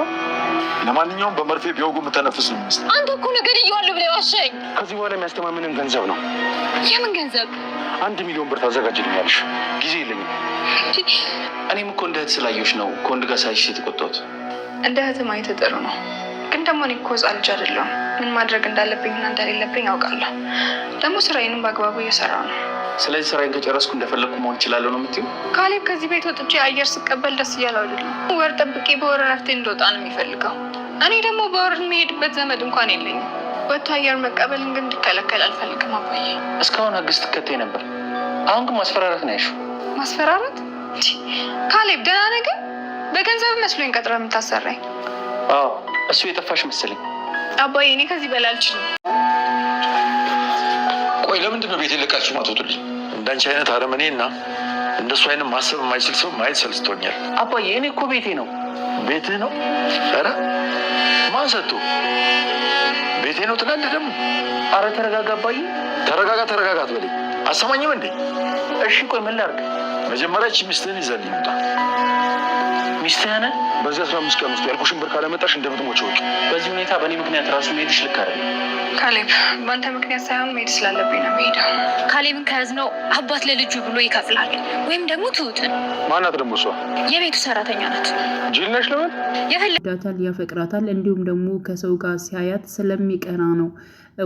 ነው። ለማንኛውም በመርፌ ቢወጉ የምተነፍስ ይመስል አንተ እኮ ነገር እየዋለሁ ብለህ ዋሻኝ። ከዚህ በኋላ የሚያስተማምንን ገንዘብ ነው። የምን ገንዘብ? አንድ ሚሊዮን ብር ታዘጋጅልኛለሽ? ጊዜ የለኝም። እኔም እኮ እንደ እህት ስላየሁሽ ነው ከወንድ ጋር ሳይሽ የተቆጣሁት። እንደ እህት ማየት ጥሩ ነው፣ ግን ደግሞ እኔ እኮ ሕፃን ልጅ አይደለሁም። ምን ማድረግ እንዳለብኝና እንደሌለብኝ አውቃለሁ። ደግሞ ስራዬንም በአግባቡ እየሰራ ነው ስለዚህ ስራዬን ከጨረስኩ እንደፈለግኩ መሆን እችላለሁ ነው የምትይው? ካሌብ ከዚህ ቤት ወጥቼ አየር ስቀበል ደስ እያለው አይደለም። ወር ጠብቄ በወር እረፍቴ እንደወጣ ነው የሚፈልገው። እኔ ደግሞ በወር የሚሄድበት ዘመድ እንኳን የለኝም። ወጥቶ አየር መቀበል ግን እንድከለከል አልፈልግም። አባዬ እስካሁን ህግ ስትከተይ ነበር። አሁን ግን ማስፈራረት ነው ያልሽው። ማስፈራረት ካሌብ ደህና ነህ? ግን በገንዘብ መስሎኝ ቀጥረ የምታሰራኝ። አዎ እሱ የጠፋሽ መሰለኝ። አባዬ እኔ ከዚህ በላይ አልችልም። ቆይ ለምንድን ነው ቤት ለቃችሁ ማትወጡልኝ? እንዳንቺ አይነት እና እንደሱ አይነት ማሰብ የማይችል ሰው ማየት ሰልስቶኛል። አባዬ እኔ እኮ ቤቴ ነው። ቤትህ ነው? ኧረ ማን ቤቴ ነው ትላለህ ደግሞ። አረ ተረጋጋ አባዬ። ተረጋጋ ተረጋጋ አትበለኝ። አሰማኝም እንዴ? እሺ ቆይ ምን ላድርግ? መጀመሪያ ይህች ሚስትህን ይዘህልኝ ሚስትህ ነህ። በዚህ አስራ አምስት ቀን ውስጥ ያልኩሽን ብር ካለመጣሽ እንደምትሞች ወቂ። በዚህ ሁኔታ በእኔ ምክንያት ራሱ መሄድሽ ልክ አይደለም። ካሌብ፣ በአንተ ምክንያት ሳይሆን መሄድ ስላለብኝ ነው መሄደው። ካሌብን ከያዝነው አባት ለልጁ ብሎ ይከፍላል፣ ወይም ደግሞ ትውጥን። ማናት ደግሞ እሷ? የቤቱ ሰራተኛ ናት። ጅል ነሽ ለምን? ያፈቅራታል። እንዲሁም ደግሞ ከሰው ጋር ሲያያት ስለሚቀና ነው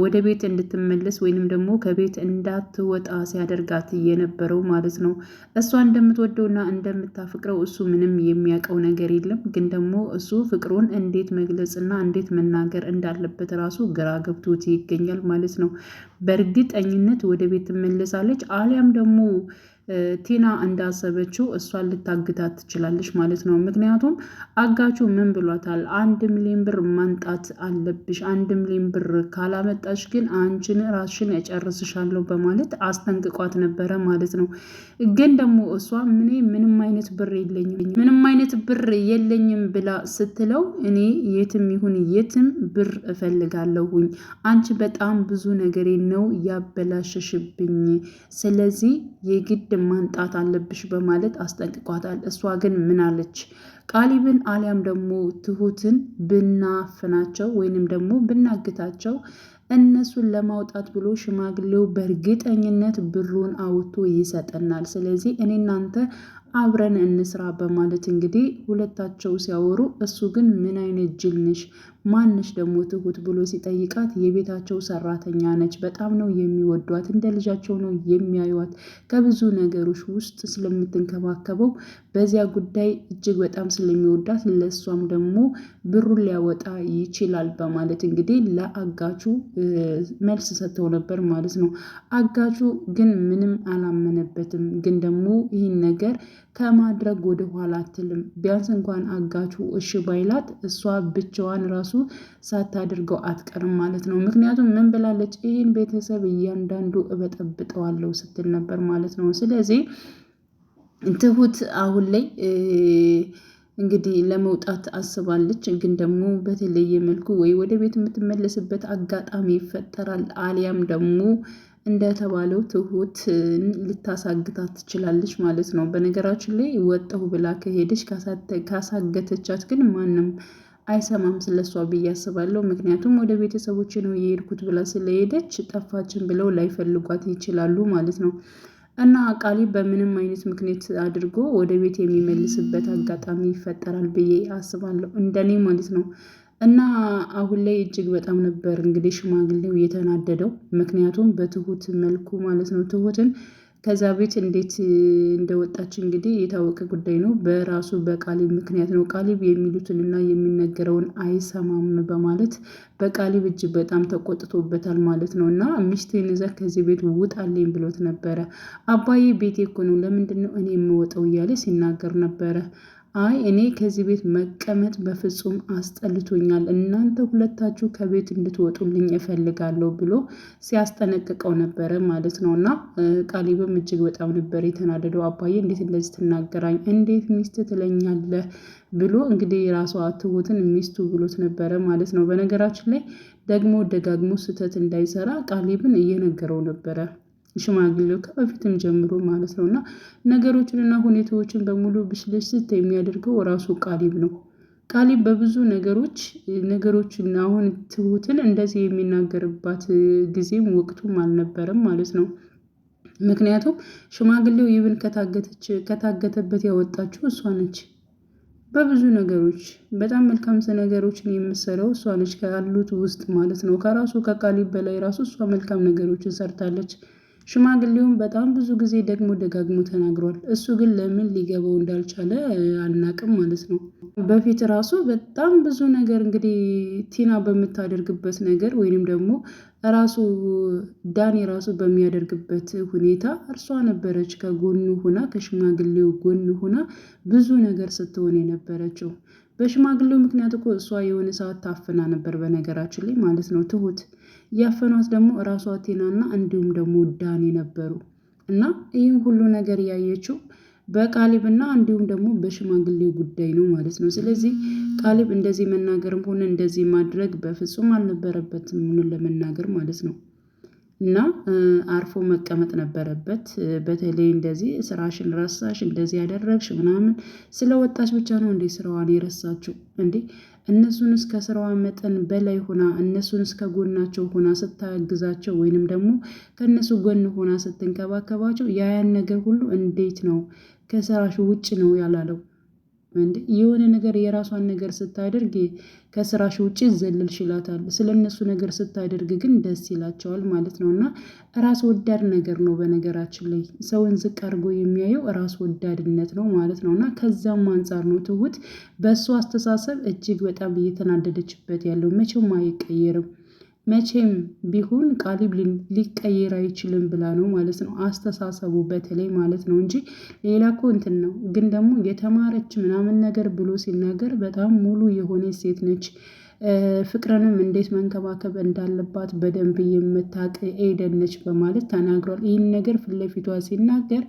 ወደ ቤት እንድትመለስ ወይንም ደግሞ ከቤት እንዳትወጣ ሲያደርጋት የነበረው ማለት ነው። እሷ እንደምትወደውና እንደምታፍቅረው እሱ ምንም የሚያውቀው ነገር የለም። ግን ደግሞ እሱ ፍቅሩን እንዴት መግለጽና እንዴት መናገር እንዳለበት ራሱ ግራ ገብቶት ይገኛል ማለት ነው። በእርግጠኝነት ወደ ቤት ትመለሳለች አሊያም ደግሞ ቲና እንዳሰበችው እሷን ልታግታት ትችላለች ማለት ነው። ምክንያቱም አጋቹ ምን ብሏታል? አንድ ሚሊዮን ብር ማንጣት አለብሽ፣ አንድ ሚሊዮን ብር ካላመጣሽ ግን አንቺን ራስሽን ያጨርስሻለሁ በማለት አስጠንቅቋት ነበረ ማለት ነው። ግን ደግሞ እሷ እኔ ምንም አይነት ብር የለኝም፣ ምንም አይነት ብር የለኝም ብላ ስትለው እኔ የትም ይሁን የትም ብር እፈልጋለሁኝ፣ አንቺ በጣም ብዙ ነገሬ ነው ያበላሸሽብኝ፣ ስለዚህ የግድ ቃሊብን ማንጣት አለብሽ በማለት አስጠንቅቋታል። እሷ ግን ምን አለች? ቃሊብን አሊያም ደግሞ ትሁትን ብናፍናቸው ወይንም ደግሞ ብናግታቸው እነሱን ለማውጣት ብሎ ሽማግሌው በእርግጠኝነት ብሩን አውጥቶ ይሰጠናል። ስለዚህ እኔ እናንተ አብረን እንስራ በማለት እንግዲህ ሁለታቸው ሲያወሩ እሱ ግን ምን አይነት ጅል ነሽ ማንሽ ደግሞ ትሁት ብሎ ሲጠይቃት የቤታቸው ሰራተኛ ነች፣ በጣም ነው የሚወዷት፣ እንደ ልጃቸው ነው የሚያዩት፣ ከብዙ ነገሮች ውስጥ ስለምትንከባከበው በዚያ ጉዳይ እጅግ በጣም ስለሚወዳት ለእሷም ደግሞ ብሩን ሊያወጣ ይችላል በማለት እንግዲህ ለአጋቹ መልስ ሰጥተው ነበር ማለት ነው። አጋቹ ግን ምንም አላመነበትም። ግን ደግሞ ይህን ነገር ከማድረግ ወደ ኋላ አትልም። ቢያንስ እንኳን አጋቹ እሺ ባይላት እሷ ብቻዋን ራሱ ሳታደርገው አትቀርም ማለት ነው። ምክንያቱም ምን ብላለች? ይህን ቤተሰብ እያንዳንዱ እበጠብጠዋለሁ ስትል ነበር ማለት ነው። ስለዚህ ትሁት አሁን ላይ እንግዲህ ለመውጣት አስባለች። ግን ደግሞ በተለየ መልኩ ወይ ወደ ቤት የምትመለስበት አጋጣሚ ይፈጠራል አሊያም ደግሞ እንደተባለው ትሁትን ልታሳግታት ትችላለች ማለት ነው። በነገራችን ላይ ወጣሁ ብላ ከሄደች ካሳገተቻት ግን ማንም አይሰማም ስለሷ ብዬ አስባለሁ። ምክንያቱም ወደ ቤተሰቦች ነው የሄድኩት ብላ ስለሄደች ጠፋችን ብለው ላይፈልጓት ይችላሉ ማለት ነው። እና አቃሊ በምንም አይነት ምክንያት አድርጎ ወደ ቤት የሚመልስበት አጋጣሚ ይፈጠራል ብዬ አስባለሁ፣ እንደኔ ማለት ነው። እና አሁን ላይ እጅግ በጣም ነበር እንግዲህ ሽማግሌው የተናደደው። ምክንያቱም በትሁት መልኩ ማለት ነው ትሁትን ከዛ ቤት እንዴት እንደወጣች እንግዲህ የታወቀ ጉዳይ ነው። በራሱ በቃሊብ ምክንያት ነው። ቃሊብ የሚሉትንና የሚነገረውን አይሰማም በማለት በቃሊብ እጅግ በጣም ተቆጥቶበታል ማለት ነው። እና ሚስቴን ይዘህ ከዚህ ቤት ውጣልኝ ብሎት ነበረ። አባዬ ቤቴ እኮ ነው፣ ለምንድን ነው እኔ የምወጣው እያለ ሲናገር ነበረ። አይ እኔ ከዚህ ቤት መቀመጥ በፍጹም አስጠልቶኛል፣ እናንተ ሁለታችሁ ከቤት እንድትወጡልኝ እፈልጋለሁ ብሎ ሲያስጠነቅቀው ነበረ ማለት ነው። እና ቃሊብም እጅግ በጣም ነበር የተናደደው። አባዬ እንዴት እንደዚህ ትናገራኝ? እንዴት ሚስት ትለኛለህ? ብሎ እንግዲህ የራሷ ትሁትን ሚስቱ ብሎት ነበረ ማለት ነው። በነገራችን ላይ ደግሞ ደጋግሞ ስህተት እንዳይሰራ ቃሊብን እየነገረው ነበረ። ሽማግሌው ከበፊትም ጀምሮ ማለት ነው እና ነገሮችንና ሁኔታዎችን በሙሉ ብስልስት የሚያደርገው ራሱ ቃሊብ ነው። ቃሊብ በብዙ ነገሮች ነገሮችን አሁን ትሁትን እንደዚህ የሚናገርባት ጊዜም ወቅቱም አልነበረም ማለት ነው። ምክንያቱም ሽማግሌው ይብን ከታገተበት ያወጣችው እሷ ነች። በብዙ ነገሮች በጣም መልካም ነገሮችን የምሰራው እሷ ነች ካሉት ውስጥ ማለት ነው። ከራሱ ከቃሊብ በላይ ራሱ እሷ መልካም ነገሮችን ሰርታለች። ሽማግሌውም በጣም ብዙ ጊዜ ደግሞ ደጋግሞ ተናግሯል። እሱ ግን ለምን ሊገባው እንዳልቻለ አልናቅም ማለት ነው። በፊት ራሱ በጣም ብዙ ነገር እንግዲህ ቲና በምታደርግበት ነገር ወይንም ደግሞ ራሱ ዳኒ ራሱ በሚያደርግበት ሁኔታ እርሷ ነበረች ከጎኑ ሁና ከሽማግሌው ጎን ሆና ብዙ ነገር ስትሆን የነበረችው። በሽማግሌው ምክንያት እኮ እሷ የሆነ ሰዓት ታፍና ነበር በነገራችን ላይ ማለት ነው ትሁት ያፈኗት ደግሞ እራሷ ቴናና እንዲሁም ደግሞ ዳኔ ነበሩ እና ይህም ሁሉ ነገር ያየችው በቃሊብና እንዲሁም ደግሞ በሽማግሌው ጉዳይ ነው ማለት ነው። ስለዚህ ቃሊብ እንደዚህ መናገርም ሆነ እንደዚህ ማድረግ በፍጹም አልነበረበትም፣ ምኑን ለመናገር ማለት ነው እና አርፎ መቀመጥ ነበረበት። በተለይ እንደዚህ ስራሽን ረሳሽ፣ እንደዚህ ያደረግሽ ምናምን ስለወጣች ብቻ ነው እንዴ ስራዋን የረሳችው እንዴ? እነሱን እስከ ስራዋ መጠን በላይ ሆና እነሱን እስከ ጎናቸው ሆና ስታግዛቸው ወይንም ደግሞ ከእነሱ ጎን ሆና ስትንከባከባቸው ያያን ነገር ሁሉ እንዴት ነው ከስራሽ ውጭ ነው ያላለው? እንዴ የሆነ ነገር የራሷን ነገር ስታደርግ ከስራሽ ውጭ ዘለል ሽላታል። ስለ እነሱ ነገር ስታደርግ ግን ደስ ይላቸዋል ማለት ነው። እና ራስ ወዳድ ነገር ነው። በነገራችን ላይ ሰውን ዝቅ አድርጎ የሚያየው ራስ ወዳድነት ነው ማለት ነው። እና ከዛም አንጻር ነው ትሁት በእሱ አስተሳሰብ እጅግ በጣም እየተናደደችበት ያለው መቼም አይቀየርም። መቼም ቢሆን ቃሊብ ሊቀየር አይችልም ብላ ነው ማለት ነው። አስተሳሰቡ በተለይ ማለት ነው እንጂ ሌላ እኮ እንትን ነው። ግን ደግሞ የተማረች ምናምን ነገር ብሎ ሲናገር በጣም ሙሉ የሆነ ሴት ነች። ፍቅርንም እንዴት መንከባከብ እንዳለባት በደንብ የምታቅ ኤደን ነች በማለት ተናግሯል። ይህን ነገር ፊት ለፊቷ ሲናገር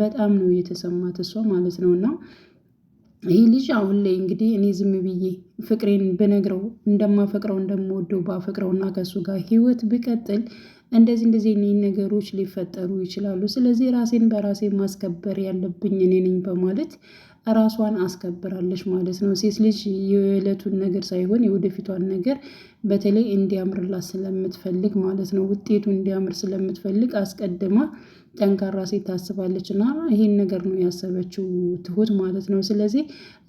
በጣም ነው የተሰማት እሷ ማለት ነው እና ይህ ልጅ አሁን ላይ እንግዲህ እኔ ዝም ብዬ ፍቅሬን ብነግረው እንደማፈቅረው እንደምወደው እና ከሱ ጋር ህይወት ብቀጥል እንደዚህ እንደዚህ እኔ ነገሮች ሊፈጠሩ ይችላሉ። ስለዚህ ራሴን በራሴ ማስከበር ያለብኝ እኔ ነኝ በማለት ራሷን አስከብራለች ማለት ነው። ሴት ልጅ የዕለቱን ነገር ሳይሆን የወደፊቷን ነገር በተለይ እንዲያምርላት ስለምትፈልግ ማለት ነው፣ ውጤቱ እንዲያምር ስለምትፈልግ አስቀድማ ጠንካራ ሴት ታስባለች እና ይህን ነገር ነው ያሰበችው ትሁት ማለት ነው። ስለዚህ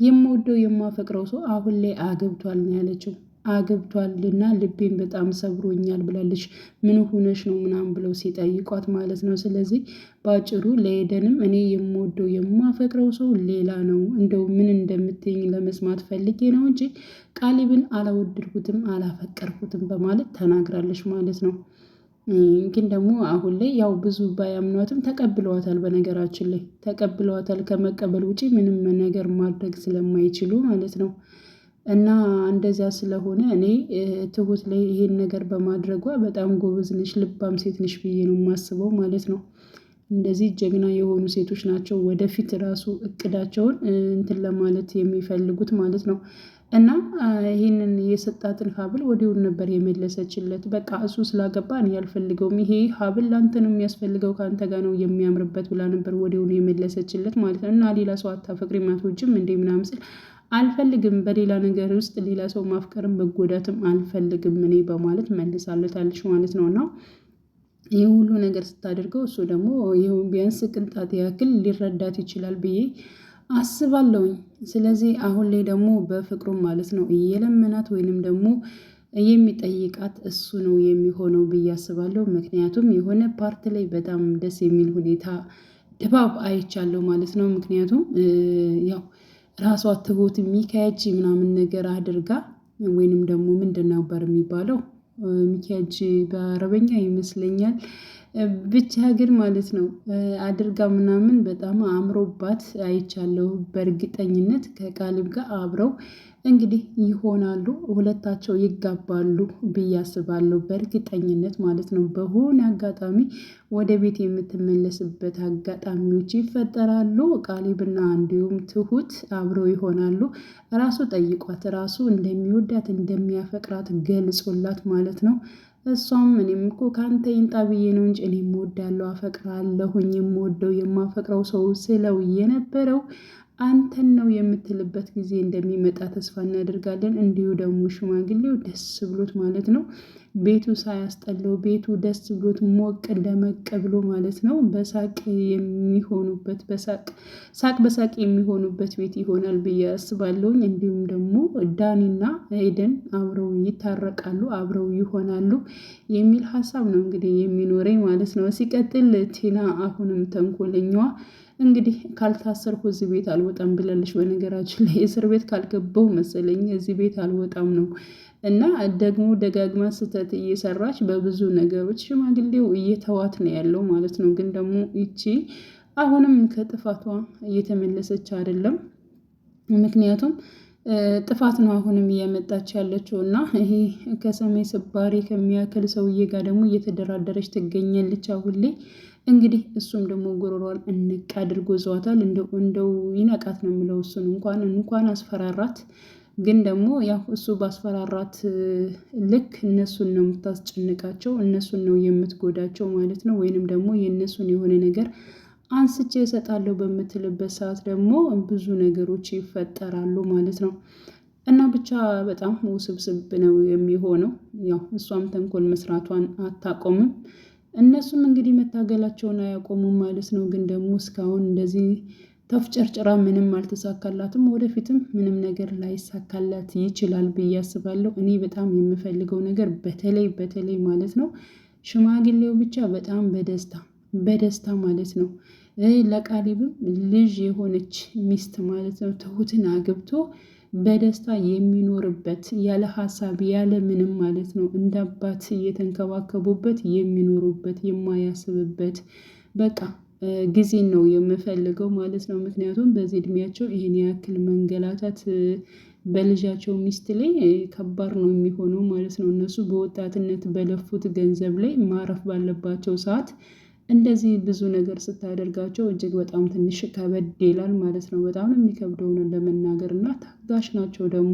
የምወደው የማፈቅረው ሰው አሁን ላይ አግብቷል ነው ያለችው። አግብቷልና ልቤን በጣም ሰብሮኛል ብላለች። ምን ሆነሽ ነው ምናምን ብለው ሲጠይቋት ማለት ነው። ስለዚህ በአጭሩ ለሄደንም እኔ የምወደው የማፈቅረው ሰው ሌላ ነው፣ እንደው ምን እንደምትኝ ለመስማት ፈልጌ ነው እንጂ ቃሊብን አላወደድኩትም አላፈቀርኩትም በማለት ተናግራለች ማለት ነው። ግን ደግሞ አሁን ላይ ያው ብዙ ባያምኗትም ተቀብለዋታል። በነገራችን ላይ ተቀብለዋታል። ከመቀበል ውጪ ምንም ነገር ማድረግ ስለማይችሉ ማለት ነው። እና እንደዚያ ስለሆነ እኔ ትሁት ላይ ይሄን ነገር በማድረጓ በጣም ጎበዝ ነሽ፣ ልባም ሴት ነሽ ብዬ ነው የማስበው ማለት ነው። እንደዚህ ጀግና የሆኑ ሴቶች ናቸው ወደፊት ራሱ እቅዳቸውን እንትን ለማለት የሚፈልጉት ማለት ነው። እና ይህንን የሰጣትን ሀብል ወዲሁን ነበር የመለሰችለት። በቃ እሱ ስላገባ እኔ አልፈልገውም፣ ይሄ ሀብል ለአንተ ነው የሚያስፈልገው፣ ከአንተ ጋር ነው የሚያምርበት ብላ ነበር ወዲሁን የመለሰችለት ማለት ነው። እና ሌላ ሰው አታፈቅሪም አትወጂም እንዴ ምናምን ስል አልፈልግም በሌላ ነገር ውስጥ ሌላ ሰው ማፍቀርም መጎዳትም አልፈልግም እኔ በማለት መልሳለታለች ማለት ነው እና ይህ ሁሉ ነገር ስታደርገው እሱ ደግሞ ቢያንስ ቅንጣት ያክል ሊረዳት ይችላል ብዬ አስባለሁኝ። ስለዚህ አሁን ላይ ደግሞ በፍቅሩ ማለት ነው እየለመናት ወይንም ደግሞ የሚጠይቃት እሱ ነው የሚሆነው ብዬ አስባለሁ። ምክንያቱም የሆነ ፓርት ላይ በጣም ደስ የሚል ሁኔታ ድባብ አይቻለሁ ማለት ነው። ምክንያቱም ያው ራሷ ትሁት ሚካያጅ ምናምን ነገር አድርጋ ወይንም ደግሞ ምንድን ነበር የሚባለው ሚካያጅ በአረበኛ ይመስለኛል ብቻ ግን ማለት ነው አድርጋ ምናምን በጣም አምሮባት አይቻለሁ። በእርግጠኝነት ከቃልም ጋር አብረው እንግዲህ ይሆናሉ ሁለታቸው ይጋባሉ ብዬ አስባለሁ። በእርግጠኝነት ማለት ነው በሆነ አጋጣሚ ወደ ቤት የምትመለስበት አጋጣሚዎች ይፈጠራሉ። ቃሊብና እንዲሁም ትሁት አብረው ይሆናሉ። ራሱ ጠይቋት ራሱ እንደሚወዳት እንደሚያፈቅራት ገልጾላት ማለት ነው። እሷም እኔም እኮ ከአንተ ይንጣ ብዬ ነው እንጂ እኔ እወዳለሁ አፈቅራለሁኝ የምወደው የማፈቅረው ሰው ስለው የነበረው አንተን ነው የምትልበት ጊዜ እንደሚመጣ ተስፋ እናደርጋለን። እንዲሁ ደግሞ ሽማግሌው ደስ ብሎት ማለት ነው ቤቱ ሳያስጠላው ቤቱ ደስ ብሎት ሞቅ ደመቅ ብሎ ማለት ነው በሳቅ የሚሆኑበት በሳቅ ሳቅ በሳቅ የሚሆኑበት ቤት ይሆናል ብዬ አስባለሁኝ። እንዲሁም ደግሞ ዳኒና ኤደን አብረው ይታረቃሉ፣ አብረው ይሆናሉ የሚል ሀሳብ ነው እንግዲህ የሚኖረኝ ማለት ነው። ሲቀጥል ቲና አሁንም ተንኮለኛዋ እንግዲህ ካልታሰርኩ እዚህ ቤት አልወጣም ብላለች። በነገራችን ላይ እስር ቤት ካልገባው መሰለኝ እዚህ ቤት አልወጣም ነው እና ደግሞ ደጋግማ ስህተት እየሰራች በብዙ ነገሮች ሽማግሌው እየተዋት ነው ያለው ማለት ነው። ግን ደግሞ ይቺ አሁንም ከጥፋቷ እየተመለሰች አይደለም። ምክንያቱም ጥፋት ነው አሁንም እያመጣች ያለችው እና ይሄ ከሰማይ ስባሪ ከሚያክል ሰውዬ ጋር ደግሞ እየተደራደረች ትገኛለች አሁን ላይ እንግዲህ እሱም ደግሞ ጎሮሯን እንቅ አድርጎ ዘዋታል። እንደው ይነቃት ነው የምለው እሱን እንኳን እንኳን አስፈራራት ግን ደግሞ ያው እሱ ባስፈራራት ልክ እነሱን ነው የምታስጨንቃቸው፣ እነሱን ነው የምትጎዳቸው ማለት ነው። ወይንም ደግሞ የእነሱን የሆነ ነገር አንስቼ እሰጣለሁ በምትልበት ሰዓት ደግሞ ብዙ ነገሮች ይፈጠራሉ ማለት ነው። እና ብቻ በጣም ውስብስብ ነው የሚሆነው። ያው እሷም ተንኮል መስራቷን አታቆምም። እነሱም እንግዲህ መታገላቸውን አያቆሙም ማለት ነው። ግን ደግሞ እስካሁን እንደዚህ ተፍጨርጭራ ምንም አልተሳካላትም። ወደፊትም ምንም ነገር ላይሳካላት ይችላል ብዬ አስባለሁ። እኔ በጣም የምፈልገው ነገር በተለይ በተለይ ማለት ነው ሽማግሌው ብቻ በጣም በደስታ በደስታ ማለት ነው ለቃሊብም ልጅ የሆነች ሚስት ማለት ነው ትሁትን አግብቶ በደስታ የሚኖርበት ያለ ሀሳብ ያለ ምንም ማለት ነው እንደ አባት እየተንከባከቡበት የሚኖሩበት የማያስብበት በቃ ጊዜን ነው የምፈልገው ማለት ነው። ምክንያቱም በዚህ እድሜያቸው ይሄን ያክል መንገላታት በልጃቸው ሚስት ላይ ከባድ ነው የሚሆነው ማለት ነው። እነሱ በወጣትነት በለፉት ገንዘብ ላይ ማረፍ ባለባቸው ሰዓት እንደዚህ ብዙ ነገር ስታደርጋቸው እጅግ በጣም ትንሽ ከበድ ይላል ማለት ነው። በጣም ነው ለመናገር እና ታጋሽ ናቸው ደግሞ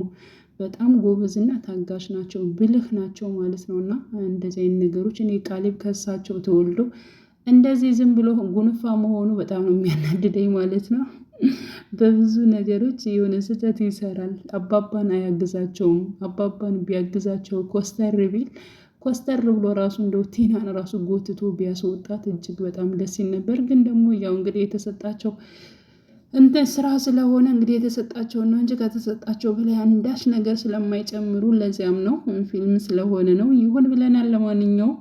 በጣም ጎበዝና ታጋሽ ናቸው፣ ብልህ ናቸው ማለት ነው። እና እንደዚህ አይነት ነገሮች እኔ ቃሊብ ከሳቸው ተወልዶ እንደዚህ ዝም ብሎ ጉንፋ መሆኑ በጣም ነው የሚያናድደኝ ማለት ነው። በብዙ ነገሮች የሆነ ስህተት ይሰራል። አባባን አያግዛቸውም። አባባን ቢያግዛቸው ኮስተር ቢል ኮስተር ብሎ ራሱ እንደው ቴናን ራሱ ጎትቶ ቢያስወጣት እጅግ በጣም ደስ ይል ነበር። ግን ደግሞ ያው እንግዲህ የተሰጣቸው እንትን ስራ ስለሆነ እንግዲህ የተሰጣቸው ነው እንጂ ከተሰጣቸው በላይ አንዳች ነገር ስለማይጨምሩ ለዚያም ነው ፊልም ስለሆነ ነው። ይሁን ብለናል። ለማንኛውም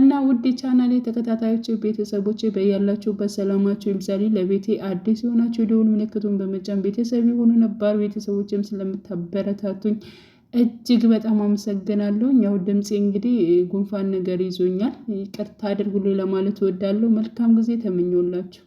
እና ውድ ቻናሌ ተከታታዮች ቤተሰቦች በያላችሁበት ሰላማችሁ ይብዛል። ለቤቴ አዲስ የሆናችሁ የደወል ምልክቱን በመጫን ቤተሰብ የሆኑ ነባር ቤተሰቦችም ስለምታበረታቱኝ እጅግ በጣም አመሰግናለሁ። ያው ድምፄ እንግዲህ ጉንፋን ነገር ይዞኛል ይቅርታ አድርጉልኝ ለማለት እወዳለሁ። መልካም ጊዜ ተመኘውላችሁ።